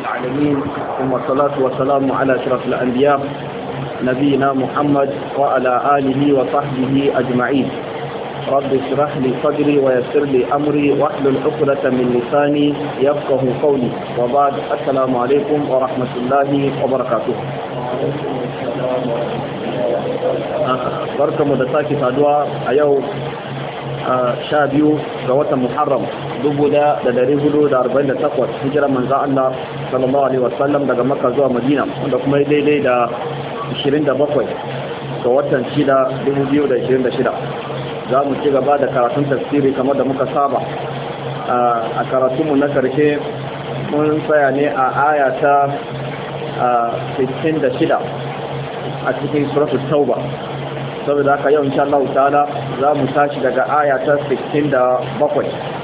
العالمين ثم الصلاة والسلام على أشرف الأنبياء نبينا محمد وعلى آله وصحبه أجمعين رب اشرح لي صدري ويسر لي أمري واحلل عقدة من لساني يفقه قولي وبعد السلام عليكم ورحمة الله وبركاته barkamu da sake saduwa sha biyu ga watan muharram dubu da dari hudu da arba'in da takwas hijira manzan Allah sallallahu alaihi wasallam daga makka zuwa madina wanda kuma ya daidai da ishirin da bakwai ga watan shida dubu biyu da ishirin da shida za mu ci gaba da karatun tafsiri kamar da muka saba a karatunmu na karshe mun tsaya ne a aya ta 66 a cikin suratul tauba saboda haka yau insha Allah ta'ala za mu tashi daga aya ta 67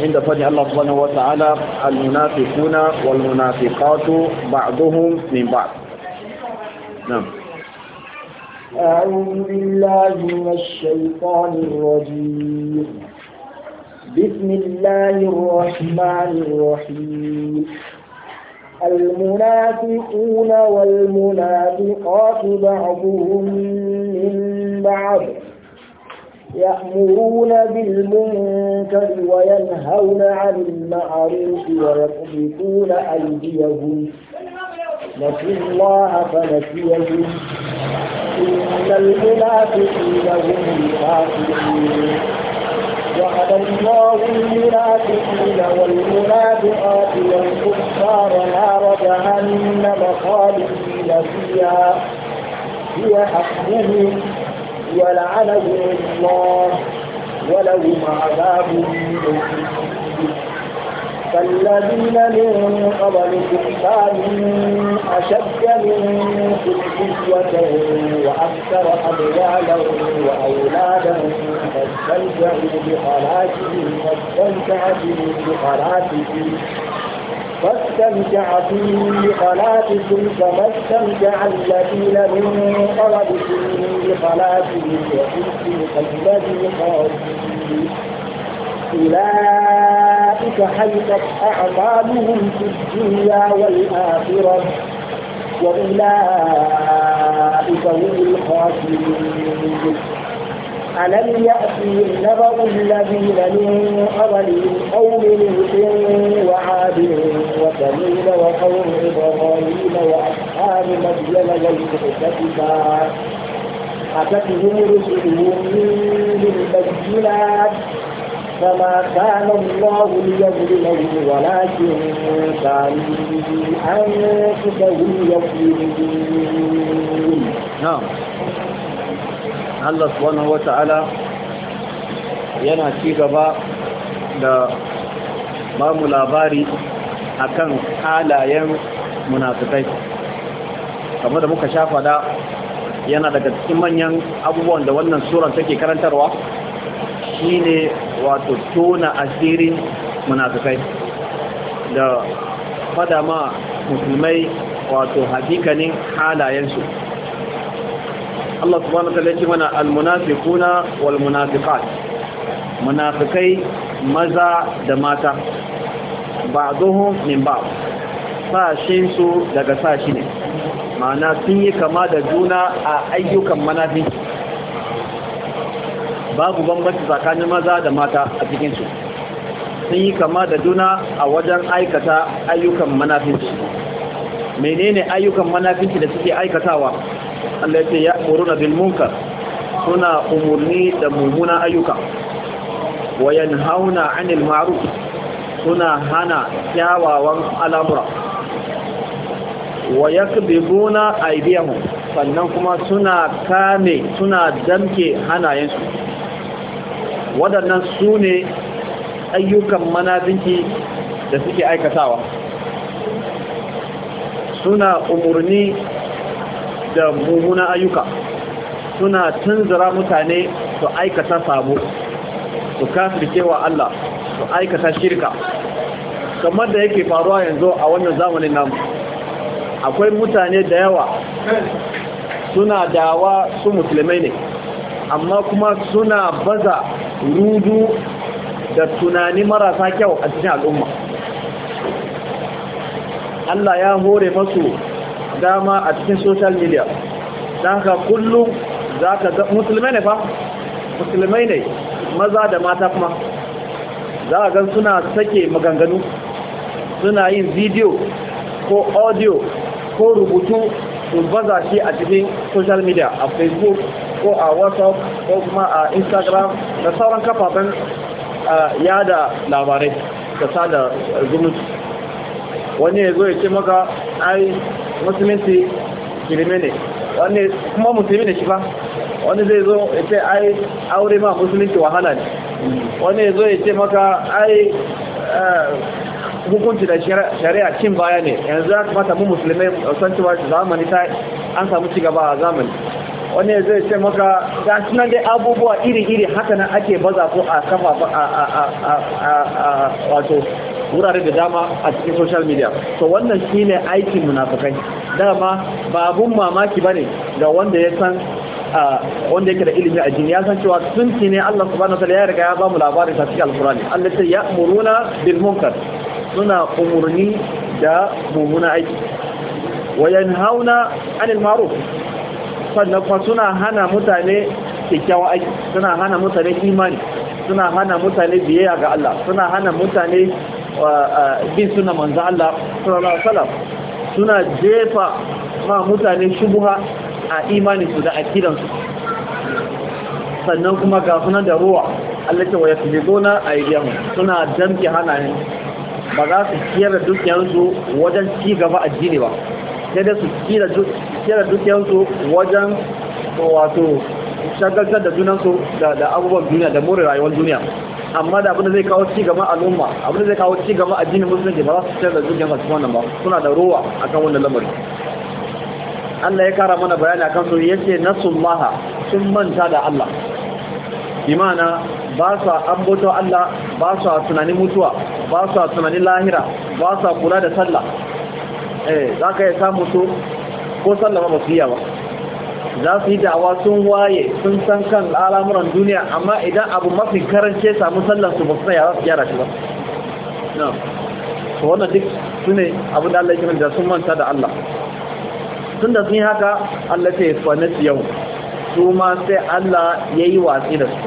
عند فضل الله سبحانه وتعالى المنافقون والمنافقات بعضهم من بعض نعم أعوذ بالله من الشيطان الرجيم بسم الله الرحمن الرحيم المنافقون والمنافقات بعضهم من بعض يأمرون بالمنكر وينهون عن المعروف ويقبضون أيديهم نسوا الله فنسيهم إن المنافقين هم الخاسرين وعد الله المنافقين والمنافقات والكفار نار جهنم خالدين فيها هي حقهم ولعنهم الله ولهم عذاب مهين فالذين من قبل كانوا أشد منكم قوة وأكثر أموالا وأولادا فاستمتعوا بخلاقهم فاستمتعتم بخلاقهم فاستمتعتم بخلاقكم كما استمتع الذين من قبلكم بخلاقهم وكنتم كالذي خاصوا أولئك حيثت أعمالهم في الدنيا والآخرة وأولئك هم الخاسرون ألم يأتي النبأ الذين من قبلهم قوم نوح وعاد وثمود وقوم إبراهيم وأصحاب مدين والمؤتفكات أتتهم رسلهم بالبينات فما كان الله ليظلمهم ولكن كانوا أنفسهم يظلمون نعم Allah subhanahu wata'ala yana ci gaba da ba mu labari kan halayen munafikai kamar da muka sha yana daga cikin manyan abubuwan da wannan suran take karantarwa shine wato tona asirin munafikai da fada ma musulmai wato hakikanin halayensu Allah subhanahu wa ta'ala mana almunafiquna walmunafiqat munafikai maza da mata ba'dhum min ba'd sashin su daga sashi ne ma'ana sun yi kama da juna a ayyukan munafiki babu bambanci tsakanin maza da mata a cikinsu sun yi kama da juna a wajen aikata ayyukan manafinci menene ayyukan manafinci da suke aikatawa Allah ce ya bil munkar suna umurni da mummunan ayyuka Wayan hauna 'anil ma'ruf suna hana kyawawan al'amura wa yakbibuna aydiyahum sannan kuma suna kame suna damke hanayensu waɗannan su ne ayyukan manazinki da suke aikatawa suna umarni da mummuna ayyuka suna tunzura mutane su aikata sabo su cewa Allah su aikata shirka kamar da yake faruwa yanzu a wannan zamanin namu akwai mutane da yawa suna dawa su musulmai ne amma kuma suna baza rudu da tunani marasa kyau a cikin al'umma Allah ya hore masu dama a cikin social media don haka kullum za ka ga musulmai ne fa musulmai ne maza da mata kuma za a gan suna sake maganganu suna yin video ko audio ko rubutu su baza shi a cikin social media a facebook ko a whatsapp ko kuma a instagram da sauran kafafen ah, yada labarai da sada zumunci wani ya zo ya ce maka ai musulunci shirme ne wani kuma musulmi ne shi ba wani zai zo ya ce ai aure ma musulunci wahala ne wani ya zo ya ce maka ai ah, hukunci da shari'a cin baya ne yanzu ya kamata mu a san cewa zamani ta an samu cigaba a zamani wani zai ce maka ga sunan dai abubuwa iri-iri haka nan ake baza ko a kafa a wato wurare da dama a cikin social media to wannan shine aikin munafukai dama babun mamaki bane ga wanda ya san wanda yake da ilimi a jini ya san cewa sunci ne Allah subhanahu wataala ya riga ya ba mu labarin ta cikin alkurani Allah ce ya'muruna bil munkar suna umurni da mummuna aiki wa yanhauna anil ma'ruf sannan kuma suna hana mutane kyakkyawa aiki suna hana mutane imani suna hana mutane biyayya ga Allah suna hana mutane bin suna manzan Allah sallallahu alaihi wasallam suna jefa ma mutane shubuha a imani su da akidan su sannan kuma ga sunan da ruwa Allah ce gona yasbiduna aydihim suna damke ne ba za su kiyar da dukiyansu wajen ci gaba addini ba sai su su kira dukiyansu wajen wato shagaltar da junansu da abubuwan duniya da more rayuwar duniya amma da abin da zai kawo ci gaba al'umma abin da zai kawo ci gaban addinin musulunci ba za su canza da masu wannan ba suna da rowa akan wannan lamari Allah ya kara mana bayani akan su na nasullaha sun manta da Allah imana ba sa ambato Allah ba a tunanin mutuwa ba a tunanin lahira ba a kula da sallah eh za ka yi samu su ko sallama ba su yi ba za su yi da'awa sun waye sun san kan al'amuran duniya amma idan abu mafi karance samu sallar su ba su ya za su gyara shi ba Su wannan duk su ne abin da Allah ya da sun manta da Allah tun da sun yi haka Allah ta yi su yau su ma sai Allah ya yi watsi da su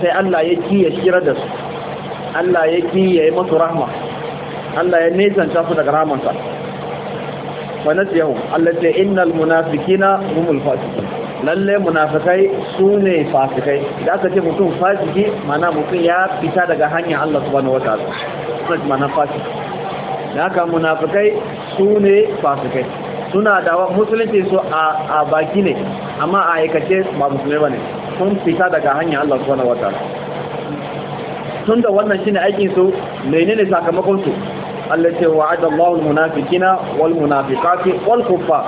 sai Allah ya ki ya shirar da su Allah ya ki ya yi masu rahma Allah ya nesanta su daga rahamansa wa nasiyahu Allah ce innal munafiqina humul fasiqun lalle munafikai sune fasikai da aka ce mutum fasiki mana mutum ya fita daga hanyar Allah subhanahu wataala sunan mana fasiki da aka munafikai sune fasikai suna da musulunci su a baki ne amma a aikace ba musulmai bane sun fita daga hanyar Allah subhanahu wataala tun da wannan shine aikin su menene sakamakon su Allah ce wa'ada Allahul munafiqina wal munafiqati wal kuffar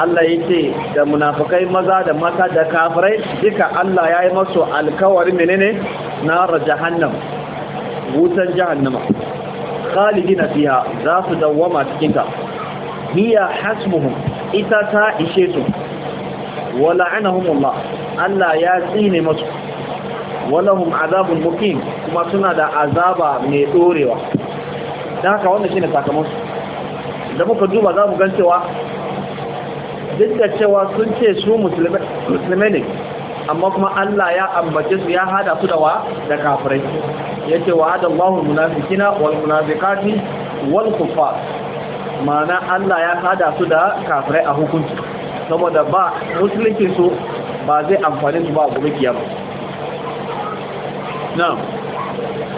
Allah yace da munafikai maza da mata da kafirai duka Allah yayi masu alkawari menene na jahannam wutan jahannama khalidina fiha za su dawwama cikin ta hiya hasbuhum ita ta ishe su wala anahumullah Allah ya tsine masu walahum azabun muqim kuma suna da azaba mai dorewa don haka wannan ne sakamakon da muka duba za mu gan cewa duk da cewa sun ce su musulmi ne amma kuma Allah ya ambace su ya hada su da wa da kafirai Ya ce wa Allahun munafikina wal munafikati wal kufa mana Allah ya hada su da kafirai a hukunci saboda ba musulunci su ba zai amfani su ba gobe kiyama na'am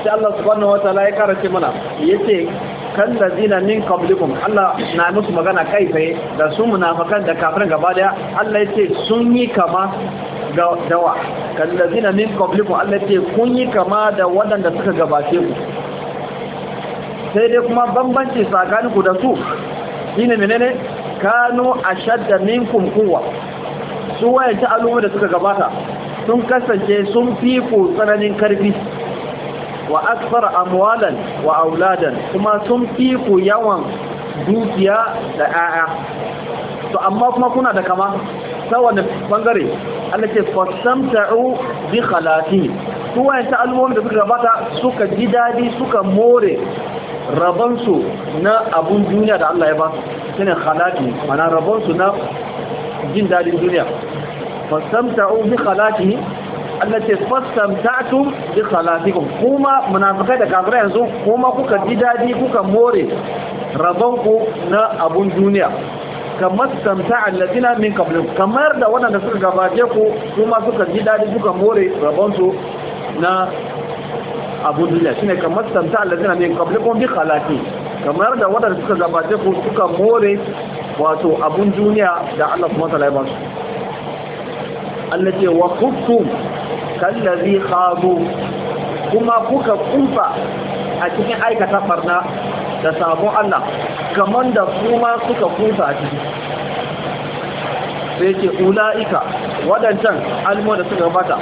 sai Allah subhanahu wataala ya ce mana yace kan zina min qablikum Allah na musu magana kai tsaye da su munafikan da kafirin gaba daya Allah yace sun yi kama da dawa kan zina min qablikum Allah yace kun yi kama da waɗanda suka gabace ku sai dai kuma bambanci tsakanin ku da su shine menene kanu ashadda minkum quwwa su wayanta al'umma da suka gabata sun kasance sun fi ku tsananin karfi wa akbar amwalan wa auladan kuma sun fi ku yawan dukiya da 'ya'ya to amma kuma kuna da kama ta wani bangare Allah ce fasamta'u bi khalati su wayan ta alwomin da suka gabata suka ji dadi suka more rabansu na abun duniya da Allah ya ba su shine khalati mana rabansu na jin dadin duniya fasamta'u bi khalati Allah ce bi khalatikum kuma munafikai da kafirai yanzu kuma kuka ji dadi kuka more rabanku na abun duniya kamar samta allatina min qablikum kamar da waɗanda suka gabace ku kuma suka ji dadi kuka more rabansu na abun duniya shine kamar samta allatina min bi kamar da suka ku suka more wato abun duniya da Allah subhanahu su Allah ce wa kallazi khadu kuma kuka kufa a cikin aikata ɓarna da sabon Allah kamar da kuma suka kufa a ciki sai ce ula'ika waɗancan almo da suka bata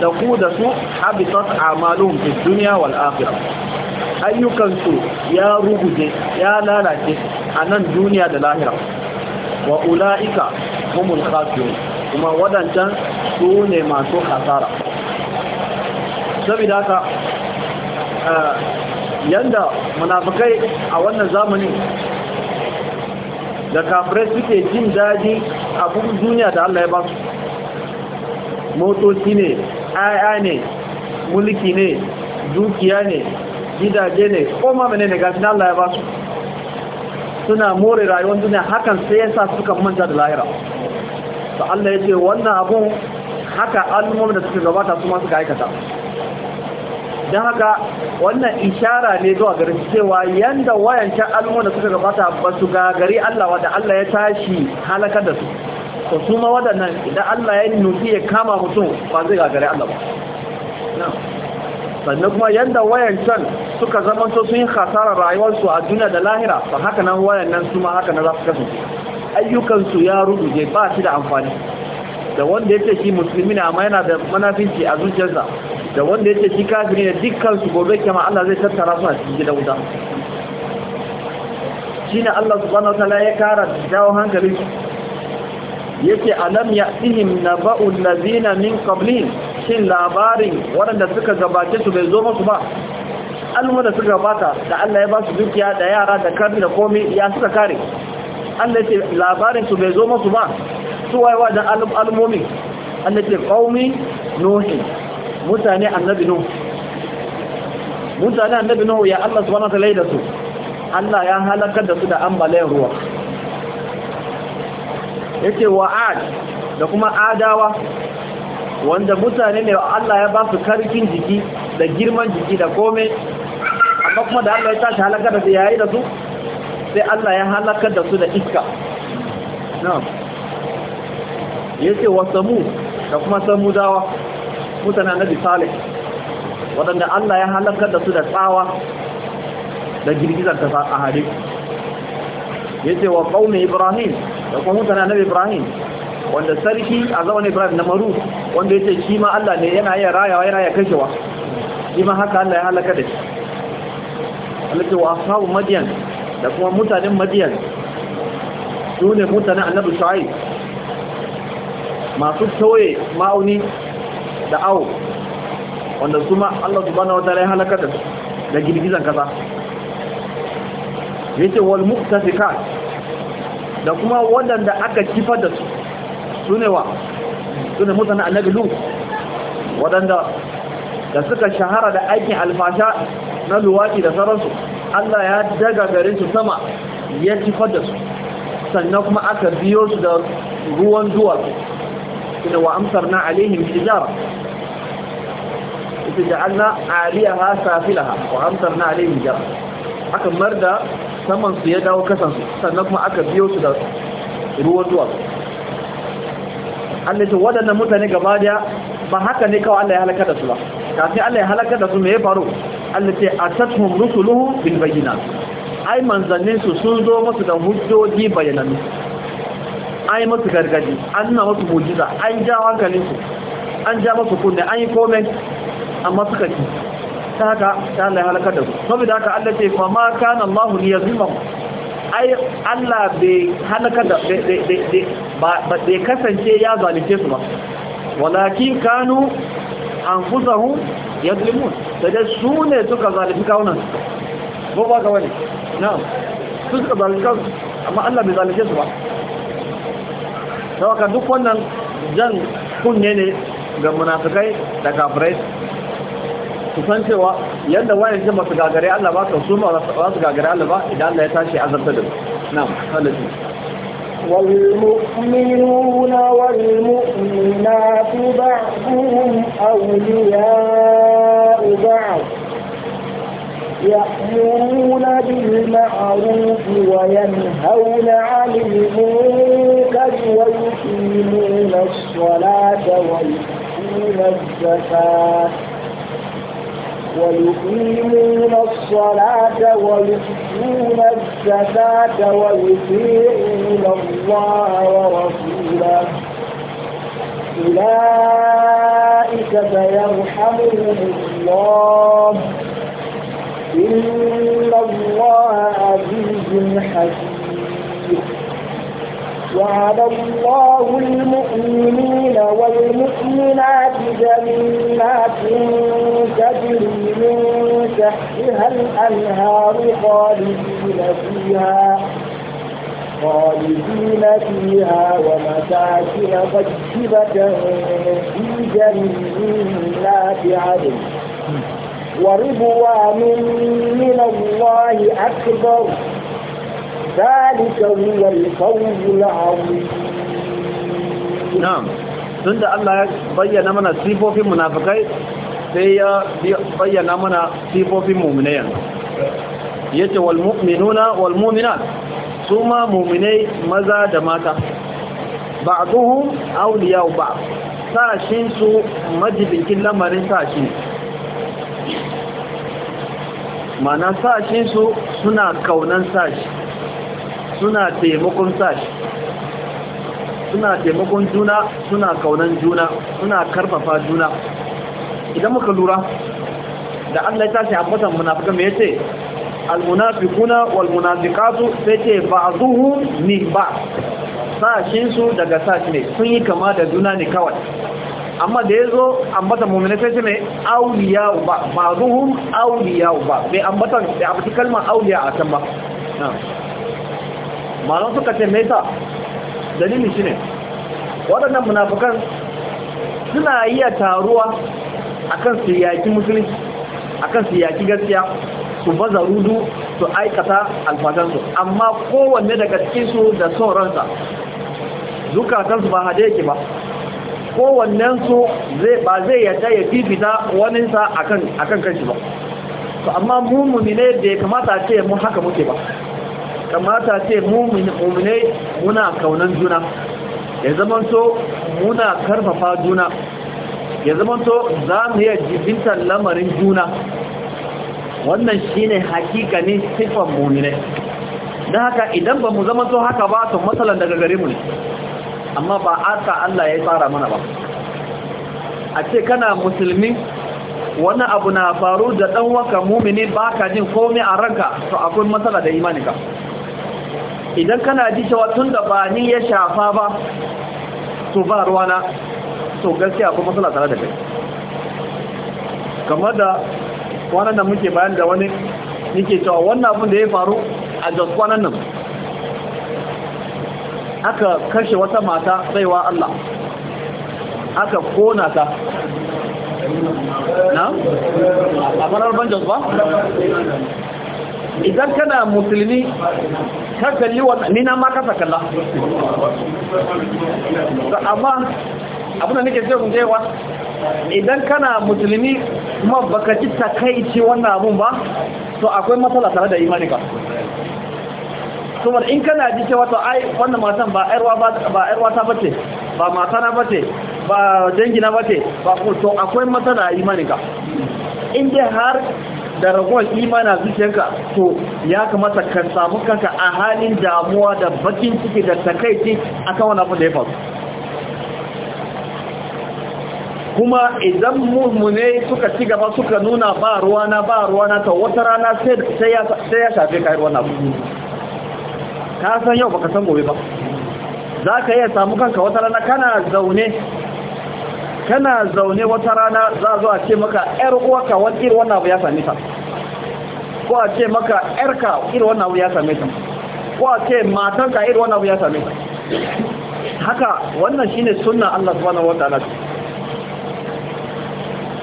da ku da su habitat amalun fi duniya wal akhirah ayyukansu ya ruguje ya lalace a nan duniya da lahira wa ula'ika humul khasirun kuma waɗancan su ne masu hasara saboda haka eh, yanda munafukai a wannan zamani da kafirai suke jin daji abin duniya da Allah ya ba su motoci ne aya ne mulki ne dukiya ne gidaje ne koma mene ne gashi Allah ya ba su suna more rayuwar duniya hakan sai yasa suka manta da lahira to Allah ya ce wannan abun haka al'ummomin da suka gabata kuma suka aikata don haka wannan ishara ne zuwa garin cewa yanda wayancan al'ummomin da suka gabata ba su gagari Allah wanda Allah ya tashi halakar da su to su ma waɗannan idan Allah ya nufi ya kama mutum ba zai gagari Allah ba sannan kuma yanda wayancan suka to sun yi khasarar rayuwarsu a duniya da lahira ba haka nan wayannan su ma haka nan za su kasance ayyukansu ya rubuje ba shi da amfani da wanda yake shi musulmi ne amma yana da manafinci a zuciyarsa da wanda yake shi kafiri ne dukkan su gobe kyama Allah zai tattara su a cikin gidan wuta ne Allah subhanahu wataala ya kara jawo hankalin yake alam ya'tihim naba'u allazina min qablihim shin labarin waɗanda suka gabace su bai zo masu ba da suka gabata da Allah ya ba su dukiya da yara da karni da komai ya suka kare Allah ce labarin su bai zo musu ba su waiwa da al'ummomi Allah ce qaumi nuhi mutane annabi nuh mutane annabi nuh ya Allah subhanahu wa ta'ala da su Allah ya halaka da su da ambaliyar ruwa yake wa'ad da kuma adawa wanda mutane ne Allah ya ba su karfin jiki da girman jiki da komai amma kuma da Allah ya tashi halaka da su yayi da su sai Allah ya halakar da su da iska na'am yace wa samu da kuma samu dawa? mutanen nabi salih waɗanda Allah ya halakar da su da tsawa da girgizar ta a Ya yace wa qaumi ibrahim da kuma mutanen nabi ibrahim wanda sarki a zaman ibrahim na maru wanda yace shi ma Allah ne yana yin rayawa yana yin kashewa shi ma haka Allah ya halaka da shi Allah ce wa ashabu madiyan da kuma mutanen madiyan su ne mutanen annabi shu'aib masu tauye ma'auni da awo wanda su ma Allah subhanahu wataala wata halaka da da girgizan kasa yace wal muqtasikat da kuma waɗanda aka kifar da su ne wa sune mutanen annabi lu wadanda da suka shahara da aikin alfasha na luwaki da sauransu Allah ya daga garin su sama ya kifar da su sannan kuma aka biyo su da ruwan duwatsu ina wa amsarna alaihim hijara ita ja'alna aliyaha safilaha wa na alaihim hijara aka marda saman su ya dawo kasansu sannan kuma aka biyo su da ruwan duwatsu Allah ya waɗannan mutane gaba daya ba haka ne kawai Allah ya halaka da su ba kafin Allah ya halaka da su me ya faru Allah ce atatuhum rusuluhu bil bayyinat ai manzannin su sun zo musu da hujjoji bayanannu ai musu gargadi an na musu mujiza an ja hankalin su an ja musu kunne an yi comment amma suka ci ta haka ta Allah ya halaka da su saboda haka Allah ce fa ma kana Allah ya yazimahum ai Allah bai halaka da ba bai kasance ya zalunce su ba walakin kanu anfusahum yadlimun sai su ne suka zalunci wannan ko ba ga wani na'am su suka zalunci amma Allah bai zalunce su ba ka duk wannan jan kunne ne ga munafikai da kafirai su san cewa yadda wani jin masu gagare Allah ba ka su ma za su gagare Allah ba idan Allah ya tashi azabta da na'am sallallahu والمؤمنون والمؤمنات بعضهم أولياء بعض يأمرون بالمعروف وينهون عن المنكر ويقيمون الصلاة ويؤتون الزكاة ويقيمون الصلاة ويؤتون الزكاة ويطيعون الله ورسوله أولئك سيرحمهم الله إن الله عزيز حكيم وعد الله المؤمنين والمؤمنات جنات تجري من تحتها الأنهار خالدين فيها خالدين فيها ومساكن طيبة في جنات عدن ورضوان من الله أكبر ذلك هو الفوز العظيم نعم tunda Allah ya bayyana mana sifofin munafikai sai ya bayyana mana sifofin mu'minai yanzu yace wal mu'minuna wal mu'minat suma mu'minai maza da mata ba'duhum awliya'u ba'd sashin su majibin lamarin sashi mana sashin su suna kaunan sashi suna taimakon sashi suna taimakon juna suna kaunan juna suna karfafa juna idan muka lura da Allah ya tashi ambatan munafikan mai ce almunafikuna walmunafikatu sai ce ba a zuhu ni ba. Sashinsu daga sashi ne sun yi kama da juna ne kawai amma da ya zo ambatan mummina sai ce me auliya ba ba ba'dhuhum auliya ba bai ambatan da abu kalmar auliya a can ba malon suka ce mai ta dalili shi ne waɗannan munafukan suna iya taruwa a kan siyaki musulunci a kan siyaki gaskiya su baza rudu su aikata alfatansu amma kowanne daga cikinsu da sauransa zukatansu ba hade yake ba kowannensu ba zai yadda ya fifita waninsa akan kanshi ba amma mummuni ne da ya kamata ce mun haka muke ba kamata ce muminai muna kaunan juna ya zamanto muna karfafa juna ya zamanto za mu yi jibintar lamarin juna wannan shine hakika ne sifan muminai don haka idan ba mu zamanto haka ba to matsalan daga gare mu ne amma ba aka Allah ya yi tsara mana ba a ce kana musulmi wani abu na faru da ɗan waka mumini ba ka jin komai a ranka to akwai matsala da imanika idan kana ji cewa tun da ba ni ya shafa ba to ba ruwana to gaskiya akwai matsala tare da kai kamar da kwanan nan muke bayan da wani nike cewa wannan abin da ya faru a jos kwanan nan aka kashe wata mata tsaiwa Allah aka kona ta na? a farar ban ba? idan kana musulmi ka kalli wannan ni na ma kasa kalla amma abin da nake cewa jewa idan kana musulmi kuma baka ji takaici wannan abun ba to akwai matsala tare da imani ba kuma in kana ji cewa to ai wannan matan ba ƴarwa ba ƴarwa ta bace ba mata na bace ba dangina bace ba ko to akwai matsala imani ka in dai har da ragowar imana zuciyarka to ya kamata ka samu kanka a halin damuwa da bakin ciki da takaici akan wani abu da ya faru kuma idan mummune suka ci gaba suka nuna ba ruwana ba ruwana ta wata rana sai ya shafe ka ruwan abu ka san yau baka san gobe ba za ka iya samu kanka wata rana kana zaune kana zaune wata rana za zo a ce maka ‘yar uwaka wani irin wannan abu ya same ta ko a ce maka ka irin wannan abu ya same ta ko a ce matanka irin wannan abu ya same ta haka wannan shine sunna Allah subhanahu wataala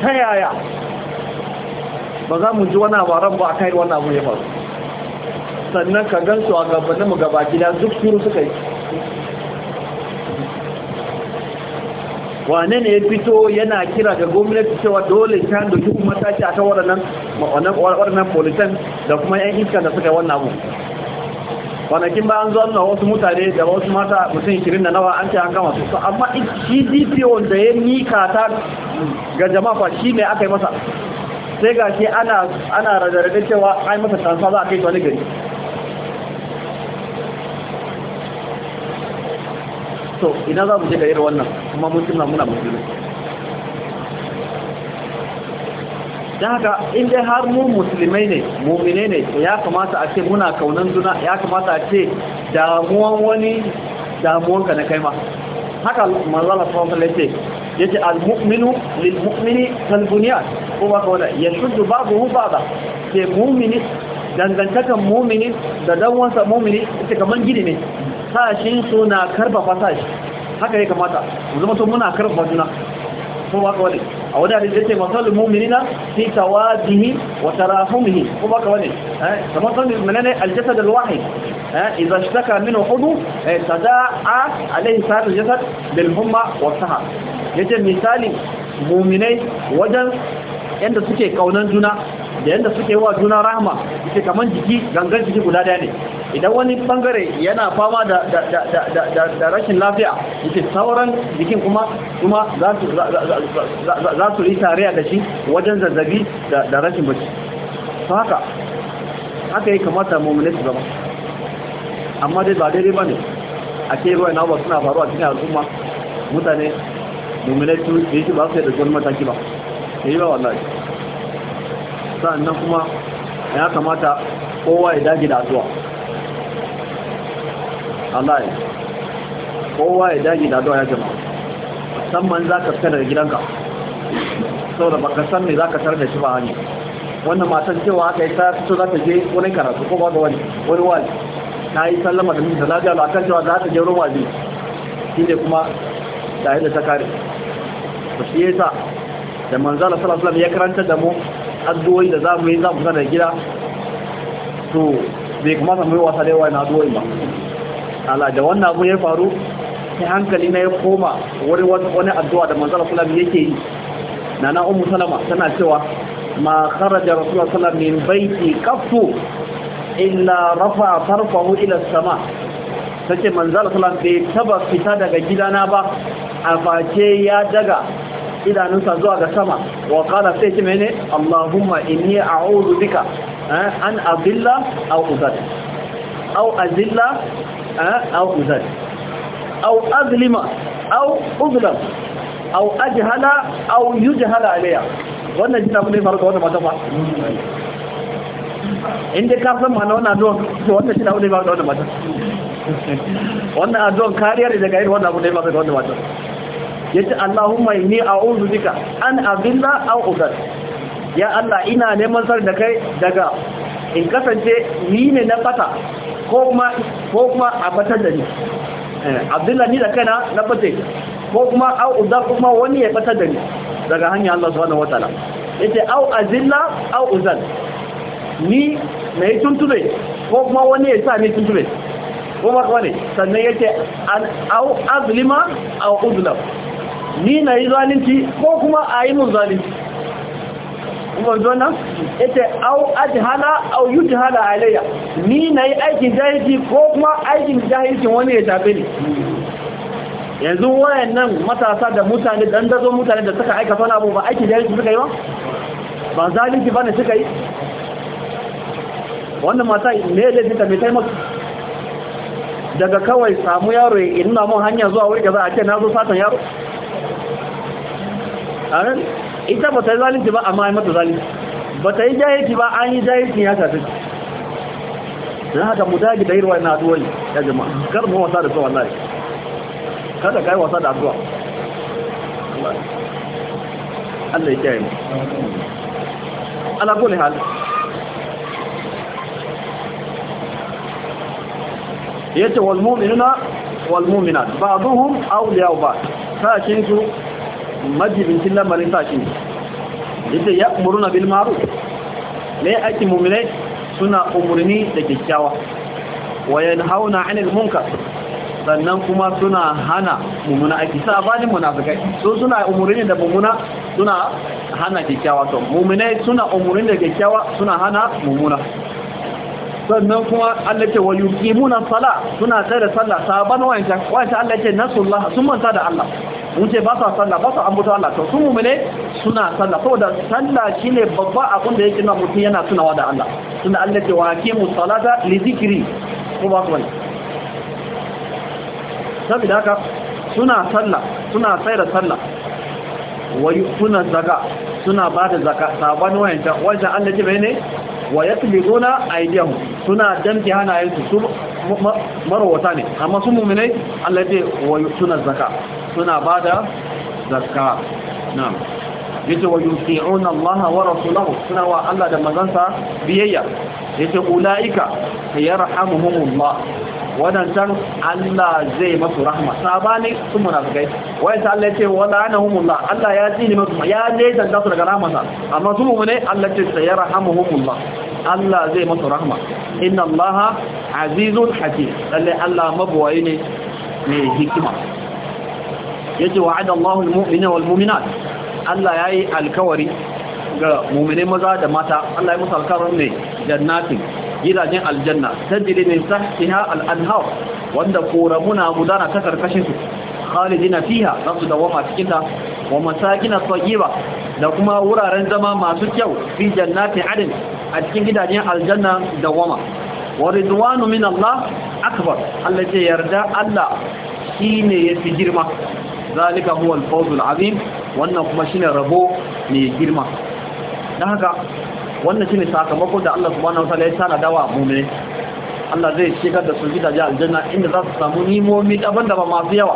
ta yaya ba za mu ji wani abaran ba a kai wannan abu ya faru sannan ka gan su a gabanin mu gaba gida duk suru suka yi wane ne ya fito yana kira ga gwamnati cewa dole ta doki duk mataki a ta waɗannan waɗannan politan da kuma yan iska da suka wannan abu kwanakin ba an zo nuna wasu mutane da wasu mata mutum shirin da nawa an ce an kama su amma shi wanda ya mika ta ga jama'a shi ne aka yi masa sai ga shi ana ana cewa cewa ai masa tansa za a kai wani gari to ina za mu je ga da wannan kuma mun tunna muna musulmi don haka in dai har mu musulmai ne mumine ne to ya kamata a ce muna kaunan juna ya kamata a ce damuwan wani damuwanka na kai ma haka manzala ce. Ya yace al-mu'minu lil-mu'mini kal-bunyan ko ba ka ya shuddu babu ba ke mu'mini dangantakan mu'mini da dan wansa mu'mini ita kaman gini ne sashin su na karfafa sashi haka ya kamata mu zama to muna karfafa juna ko ba ka wani a wani da yake masalul mu'minina fi tawadihi wa tarahumihi ko ba ka wani eh kamar san menene aljasad alwahid eh idan ishtaka minhu hudu tadaa alayhi sa'al jasad bil humma wa sahab yace misali mu'minai wajen yanda suke kaunan juna da yadda suke wa juna rahama ita kamar jiki gangan jiki guda daya ne idan wani bangare yana fama da da rashin lafiya ita sauran jikin kuma kuma za su yi tarayya da shi wajen zazzabi da rashin bacci to haka haka yi kamata mummune su zama amma dai ba daidai ba ne a ke ruwa na suna faruwa cikin al'umma mutane mummune su yi shi ba su yi da mataki ba yi ba wallahi Sa'annan kuma ya kamata kowa ya dage da addu'a Allah ya kowa ya dage da addu'a ya jama'a musamman za ka fita daga gidanka saboda baka san me za ka tarar da shi ba hanyar wannan matan cewa aka yi ta fito za ta je wani karatu ko ba ga wani wani wani na yi sallama da da lafiya ba kan cewa za ta je wurin wazi shi ne kuma da ta kare ba shi yasa da manzala sallallahu alaihi ya karanta da mu addu'o'i da za mu yi za mu sanar gida to bai kuma samu yi wasa da na addu'o'i ba ala da wannan abu ya faru sai hankali na ya koma wani wani addu'a da manzon Allah yake yi nana ummu salama tana cewa ma kharaja rasulullah sallallahu min baiti kaffu illa rafa tarfahu ila sama tace manzon Allah bai taba fita daga gidana ba a face ya daga idanunsa zuwa ga sama wa qala sai ce mene Allahumma inni a'udhu bika eh, an adilla aw uzat aw azilla eh, aw uzat aw azlima aw uzlam aw ajhala aw yujhala alayya wannan jina mun farko wannan mata inda ka san mana wannan addu'a to wannan jina mun farko wannan mata wannan kariyar daga irin wannan abu ne ba ga wannan mata yace Allahumma inni a'udhu bika an azilla aw udad ya Allah ina neman sar da kai daga in kasance ni ne na fata ko kuma ko kuma a batar da ni eh, Abdullah ni da kaina na fata ko kuma aw ko kuma wani ya fata da ni daga hanya Allah subhanahu wataala yace aw azilla aw uzal ni mai tuntube ko kuma wani ya sa ni tuntube ko ma wani sannan yace an aw azlima aw udlam ni na yi zalunci ko kuma a yi mun zalunci kuma nan, ita au ajhala au yujhala alayya ni na yi aikin jahilci ko kuma aikin jahilcin wani ya tafi ni yanzu wayannan matasa da mutane dan dazo mutane da suka aika wani abu ba aikin jahilci suka yi ba ba zalunci bane suka yi wannan mata ne da jinta mai taimak daga kawai samu yaro ya ina mun hanya zuwa wuri da za a ce na zo satan yaro anan eh? ita ba ta yi zalinci ba amma ya mata zalinci ba ta yi jahilci ba an yi jahilci ya shafi don haka mu dage da irwa na ne ya jama'a kar mu wasa da su wallahi kada kai wasa da aduwa Allah ya kiyaye mu ala kulli hali? yace wal mu'minuna wal mu'minat ba'dhum awliya'u ba'd sashin su majibincin lamarin sa shi yadda ya muruna bil maru ne ake mummune suna umarni da kyakkyawa wayan hauna anil munkar sannan kuma suna hana mummuna ake sabanin munafikai so suna umarni da mummuna suna hana kyakkyawa to mummune suna umarni da kyakkyawa suna hana mummuna sannan kuma Allah ce kimuna sala suna tsare sallah saban wayan wayan Allah ce nasullah sun manta da Allah wuce ba sa sallah ba sa ambata Allah to su mu'mine suna sallah saboda sallah shine babba abin da yake na mutum yana tunawa da Allah tunda Allah ce wa aqimu salata li zikri ko ba kuma Sabida haka suna sallah suna tsaya sallah wai suna zaka suna ba da zaka saban wayanta wajen Allah ce bai ne wa yatliguna aydihum suna damke hanayensu su marwata ne amma su mu'minai Allah ce wa yutuna zaka suna ba da zakka na'am yace wa yuti'una Allah wa rasulahu suna wa Allah da manzansa biyayya yace ulaika yarhamuhumullah wadancan Allah zai masu rahma sabani sun muna munafikai wai sai Allah yace walanahumullah Allah Allah ya tsini masu ya ne dan su daga rahmansa amma su mu ne Allah yace sayarhamuhumullah Allah zai masu rahma inna Allah azizun hakim lalle Allah mabwayi ne mai hikima yake wa'ada Allahu al-mu'minina wal mu'minat Allah yayi alkawari ga mu'mine maza da mata Allah ya musu alkawarin ne jannatin gidajen aljanna tajri min tahtiha al-anhar wanda koramuna gudana ta karkashin su khalidina fiha zasu dawama cikin ta wa masakina tayyiba da kuma wuraren zama masu kyau fi jannatin adin a cikin gidajen aljanna dawama wa ridwanu min Allah akbar Allah ce yarda Allah shine yafi girma zalika huwa al-fawzul azim wannan kuma shine rabo ne girma dan haka wannan shine sakamako da Allah subhanahu ta'ala ya tsara dawa mu'mini Allah zai shigar da su gidaje aljanna inda za su samu nimomi daban-daban masu yawa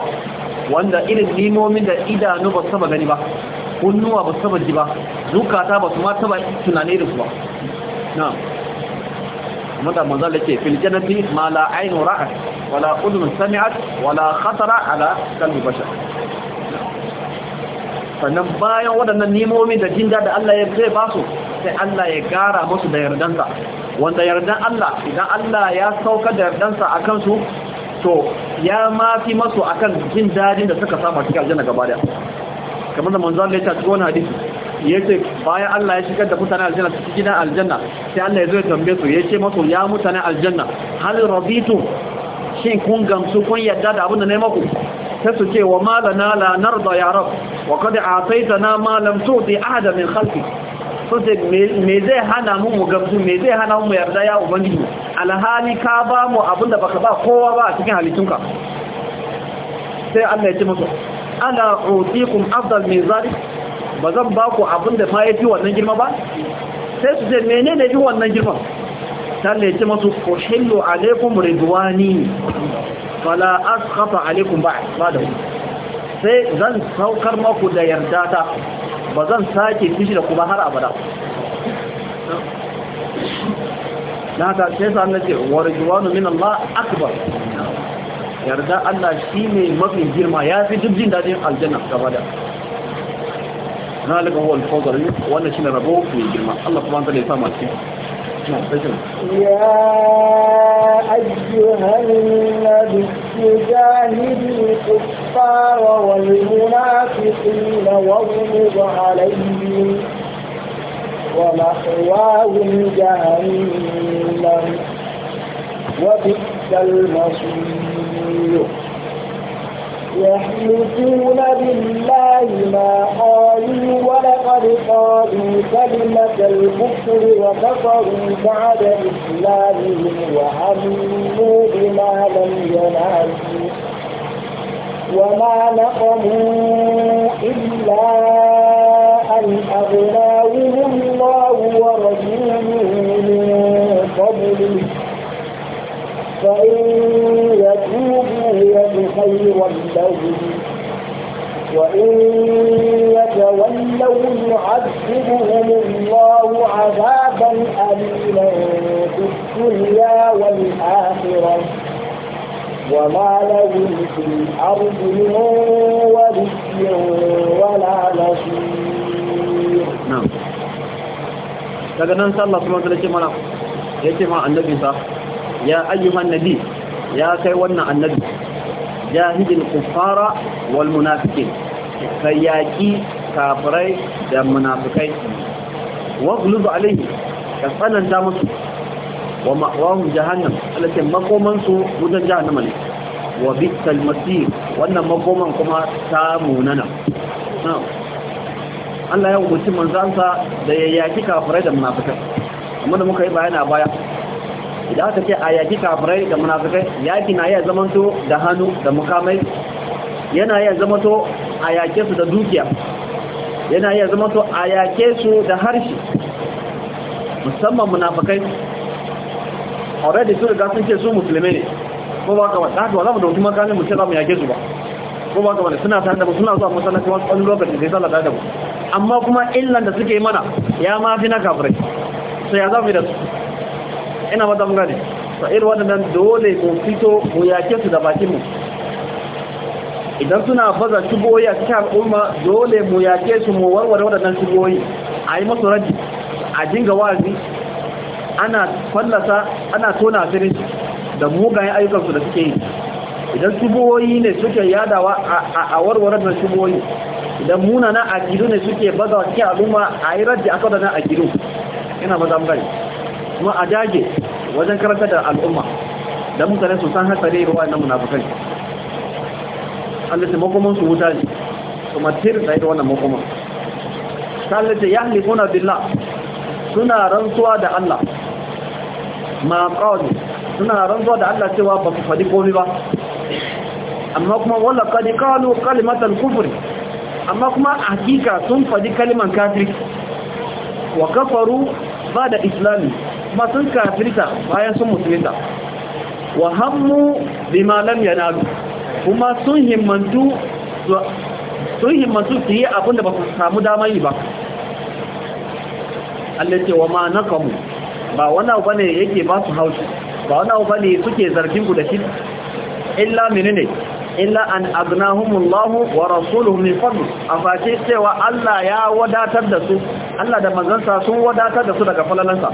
wanda irin nimomin da idanu ba su gani ba kunnuwa ba su taba ji ba zukata ba su ma taba tunane da su ba na'am kuma da manzo yake fil jannati ma la aynu ra'at wala udun sami'at wala khatara ala kalbi bashar sannan bayan waɗannan nimomi da jinda da Allah ya zai ba su sai Allah ya gara musu da yardansa wanda yardan Allah idan Allah ya sauka da yardansa a kansu to ya ma masu akan jin dadin da suka samu cikin aljanna gaba daya kamar da manzo Allah ya ta cikin hadisi yace bayan Allah ya shigar da mutanen aljanna cikin gidan aljanna sai Allah ya zo ya tambaye su yace musu ya mutanen aljanna hal rabitu shin kun gamsu kun yadda da abin da nayi muku sai su ce wa malana la narda ya rab wa qad ataitana ma lam tu'ti ahada min khalqi sai me zai hana mu mu gamsu me zai hana mu yarda ya ubangiji alhali ka ba mu abin da baka ba kowa ba a cikin halittunka sai Allah ya ce musu ana utikum afdal min zalik ba zan ba ku abin da ma ya fi wannan girma ba sai su ce mene ne fi wannan girma ta ne masu kushillu alaikum ridwani fala askhata alaikum ba da sai zan saukar maku da yarda ta ba zan sake fishi da kuma har abada na haka sai sa na ce wa ridwanu min Allah akbar yarda Allah shine mafi girma ya fi duk jin dadin aljanna gaba da غالبا هو الفوز وانا شنو ربو في الجماعة الله سبحانه وتعالى يسامع نعم، يا أيها النبي جاهد الكفار والمنافقين واغمض عليهم ومأواهم جهنم وبئس المصير يحلفون بالله ما قالوا ولقد قالوا كلمة الكفر وكفروا بعد إسلامهم وهموا بما لم ينالوا وما نقموا إلا أن أغناهم الله ورسوله من قبله فإن خيرا لهم وإن يتولوا يعذبهم الله عذابا أليما في الدنيا والآخرة وما لهم في الأرض من ولي ولا نصير نعم daga nan sallah kuma ta ce mana ya ce ma annabinsa ya ayyuhan nabi ya kai wannan annabi jahidil kuffara wal munafiqin kai yaki kafirai da munafikai wa glub alaihi ka tsananta musu wa ma'awahum jahannam alakin makoman su wajen jahannama ne wa bisal masir wannan makoman kuma ta munana Allah ya umarci manzansa da ya yaki kafirai da munafikai amma da muka yi bayana baya idan aka ce a yaki kafirai da munafikai yaki na iya zamanto da hannu da mukamai yana iya zamanto a yake su da dukiya yana iya zamanto a yake su da harshe musamman munafikai already su riga sun ce su musulmi ne ko ba kawai da haka mu dauki kuma mu ce za mu yake su ba ko ba kawai suna tare da mu suna zuwa masallaci wasu wani lokaci sai sallata da mu amma kuma illan da suke mana ya mafi na kafirai sai ya zafi da su ina mata mun gane ta iri waɗannan dole ko fito ko yake su da bakinmu idan suna baza shugoyi a cikin al'umma dole mu yake su mu warware waɗannan shugoyi a yi masu raji a dinga wazi ana fallasa ana tona firin da mugayen ayyukansu da suke yi idan shugoyi ne suke yadawa a warware da shugoyi idan munana a gidu ne suke baza cikin al'umma a yi raji a kawai na a gidu ina maza mu gani kuma a dage wajen karanta da al'umma da mutane su san hatsari ruwa na munafukai allata makoman su wuta ne kuma tir da ita wannan makoman kallata ya halifuna billah suna rantsuwa da Allah ma qawli suna rantsuwa da Allah cewa ba su faɗi komai ba amma kuma wala qad qalu kalimatan Kufur? amma kuma hakika sun faɗi kaliman kafir wa kafaru ba da islami ma sun kafirta bayan sun musulunta wa hammu malam lam yanalu kuma sun himmantu su yi abinda ba su samu damar yi ba Allah ce wa ma kamu ba wani abu bane yake ba su haushi ba wani abu bane suke zargin ku da shi illa mini ne, illa an agnahumullahu wa rasuluhu min fadl aface cewa Allah ya wadatar da su Allah da manzansa sun wadatar da su daga falalansa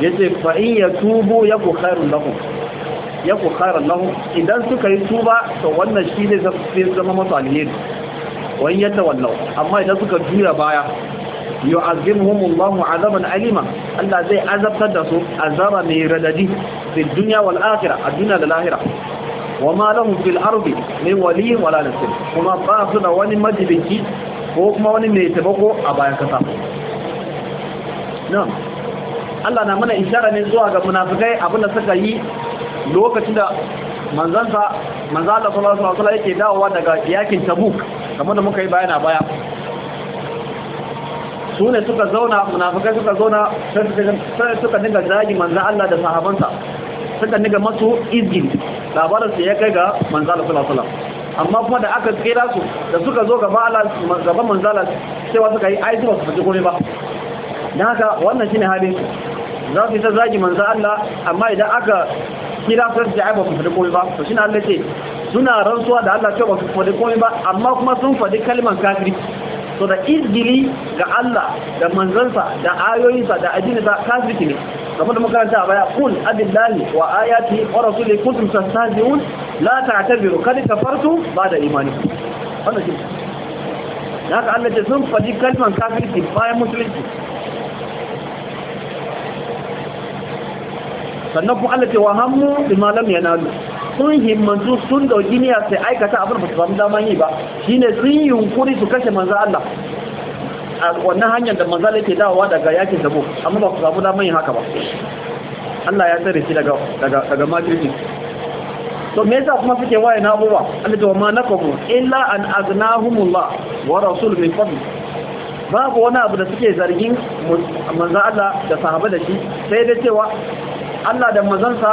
yace fa in yatubu yaku khairun lahum yaku khairun lahum idan suka yi tuba to wannan shi ne zai zama musu alheri wa in amma idan suka jira baya yu'azzimuhumullahu azaban alima Allah zai azabtar da su azaba mai radadi fi dunya wal akhirah a duniya da lahira wa ma lahum fil ardi min wali wala nasir kuma ba su da wani majibinci ko kuma wani mai tabako a bayan kasa na'am Allah na mana ishara ne zuwa ga munafikai abinda suka yi lokacin da manzansa manzo Allah sallallahu alaihi wasallam yake dawowa daga yakin Tabuk kamar da muka yi bayana baya sune suka zauna munafikai suka zauna sai suka dinga zagi manzo Allah da sahabansa suka dinga masu izgin labarin su ya kai ga manzo Allah sallallahu alaihi wasallam amma kuma da aka tsira su da suka zo gaba Allah gaban manzo Allah sai suka yi aizuwa su faɗi komai ba dan haka wannan shine halin su za su yi ta zagi manza Allah amma idan aka kira su da aiba fadi komi ba to shine Allah ce suna rantsuwa da Allah cewa su fadi komi ba amma kuma sun fadi kalmar kafiri to da izgili ga Allah da manzansa da ayoyinsa da ajinsa kafirci ne kamar da makaranta a baya kun abillahi wa ayati wa rasuli kuntum tastahzi'un la ta'tabiru kad kafartu ba'da imani wannan shi haka Allah ce sun fadi kalmar kafiri bayan musulunci sannan kuma Allah ce wa bi malam ya nalu sun himmantu sun dauki niyya sai aikata abin ba su samu daman yi ba shine sun yi yunkuri su kashe manzo Allah a wannan hanyar da manzo Allah yake dawowa daga yakin sabo amma ba su samu daman yin haka ba Allah ya tsare shi daga daga daga makirci to me yasa kuma suke waye na abuwa Allah ta ma nakamu illa an aznahumullah wa rasul min fadli babu wani abu da suke zargin manzo Allah da sahaba da shi sai da cewa Allah da manzansa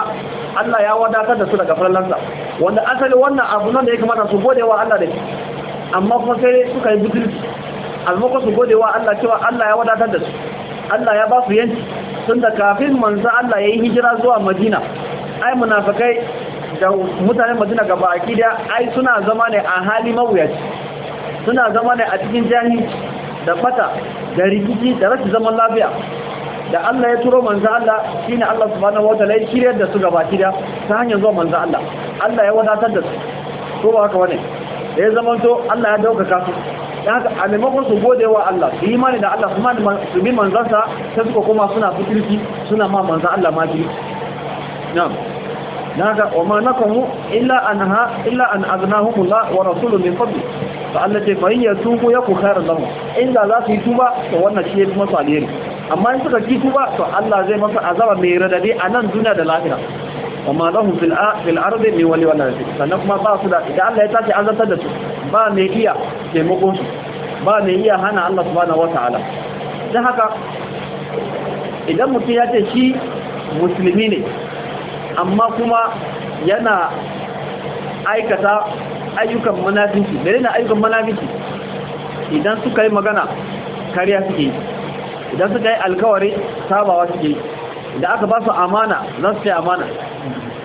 Allah ya wadatar da su daga farlansa wanda asali wannan abu nan da ya kamata su gode wa Allah da shi amma kuma sai suka yi butulci almakon su gode wa Allah cewa Allah ya wadatar da su Allah ya ba su yanci tun da kafin manzo Allah ya yi hijira zuwa Madina ai munafikai da mutanen Madina gaba akida ai suna zama ne a hali mawuyaci suna zama ne a cikin jahilci da fata da rikici da rashin zaman lafiya da Allah ya turo manzo Allah shine Allah subhanahu wataala ya kiryar da su gaba kida ta hanyar zuwa manzo Allah Allah ya wadatar da su ko ba haka bane da ya zamanto Allah ya daukaka su dan haka a maimakon su gode wa Allah su yi imani da Allah kuma su bi manzansa sai suka koma suna fikirki suna ma manzo Allah ma kiri na'am dan haka wa ma nakamu illa anha illa an aznahumullah wa rasuluhu min fadli fa Allah ce fa in yatubu yaku khairan lahum inda za su yi tuba to wannan shi ya fi masu alheri amma in suka ki ba, to Allah zai masa azaba mai radadi a nan duniya da lahira amma lahum fil fil ardi min wali wala sannan kuma ba su da idan Allah ya tafi azantar da su ba mai iya taimakon su ba mai iya hana Allah subhanahu ala. dan haka idan mutum ya ce shi musulmi ne amma kuma yana aikata ayyukan munafiki menene ayyukan munafiki idan suka yi magana kariya suke yi idan suka yi alkawari sabawa suke yi da aka ba su amana za su sai amana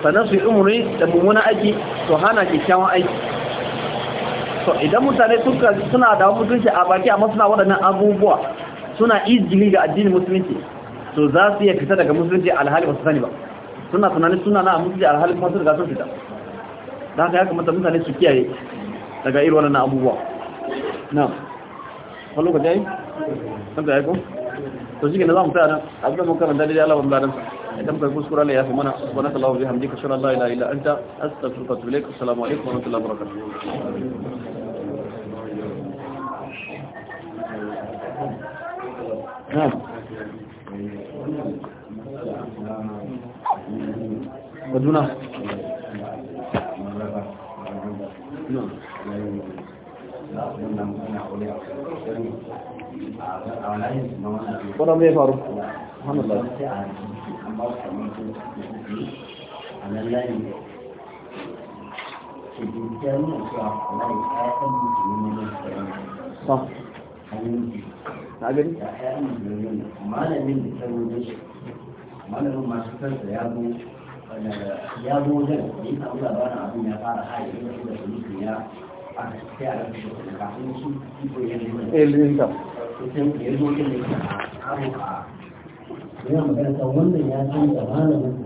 sannan su yi umuri da mummuna aiki to hana kyakkyawan aiki to idan mutane suna da mutunci a baki amma suna waɗannan abubuwa suna izini ga addinin musulunci to za su iya fita daga musulunci alhali ba su sani ba suna tunanin suna na musulunci alhali kuma sun riga sun fita da haka ya kamata mutane su kiyaye daga irin waɗannan abubuwa na kwallo ka jayi? Santa ya kuma? to shi ne zamu tsaya nan abin mun karanta dai Allah ban ladan idan kai kuskura la yafi mana subhanaka allahumma bihamdika ashhadu an la ilaha illa anta astaghfiruka wa atubu ilaik assalamu alaikum wa rahmatullahi wa barakatuh نعم ودنا نعم wannan mai faru alhamdulillah صح نعم malamin da ta rode shi malamin masu kansa ya zo ya zo wajen da ya samu labarin abin ya fara haye da su da su ya ilinta ya ya